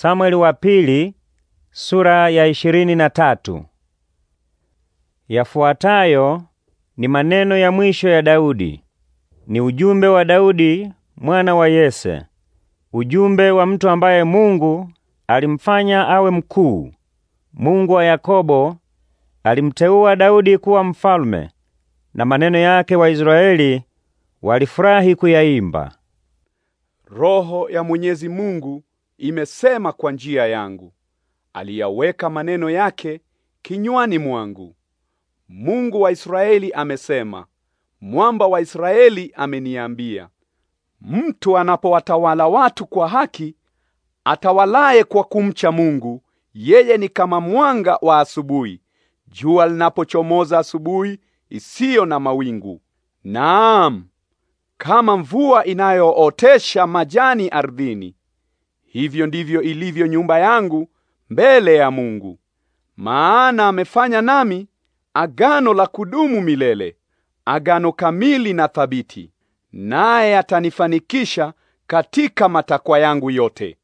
Samueli wa pili sura ya ishirini na tatu. Yafuatayo ni maneno ya mwisho ya Daudi. Ni ujumbe wa Daudi mwana wa Yese. Ujumbe wa mtu ambaye Mungu alimfanya awe mkuu. Mungu wa Yakobo alimteua Daudi kuwa mfalme na maneno yake Israeli walifurahi kuyaimba. Roho ya Mwenyezi Mungu imesema kwa njia yangu, aliyaweka maneno yake kinywani mwangu. Mungu wa Israeli amesema, mwamba wa Israeli ameniambia, mtu anapowatawala watu kwa haki, atawalaye kwa kumcha Mungu, yeye ni kama mwanga wa asubuhi, jua linapochomoza asubuhi isiyo na mawingu. Naam, kama mvua inayootesha majani ardhini, Hivyo ndivyo ilivyo nyumba yangu mbele ya Mungu. Maana amefanya nami agano la kudumu milele, agano kamili na thabiti, naye atanifanikisha katika matakwa yangu yote.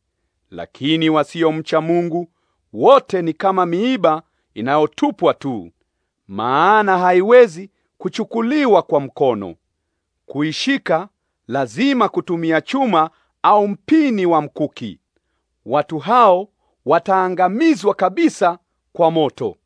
Lakini wasiomcha Mungu wote ni kama miiba inayotupwa tu, maana haiwezi kuchukuliwa kwa mkono. Kuishika lazima kutumia chuma au mpini wa mkuki watu hao wataangamizwa kabisa kwa moto.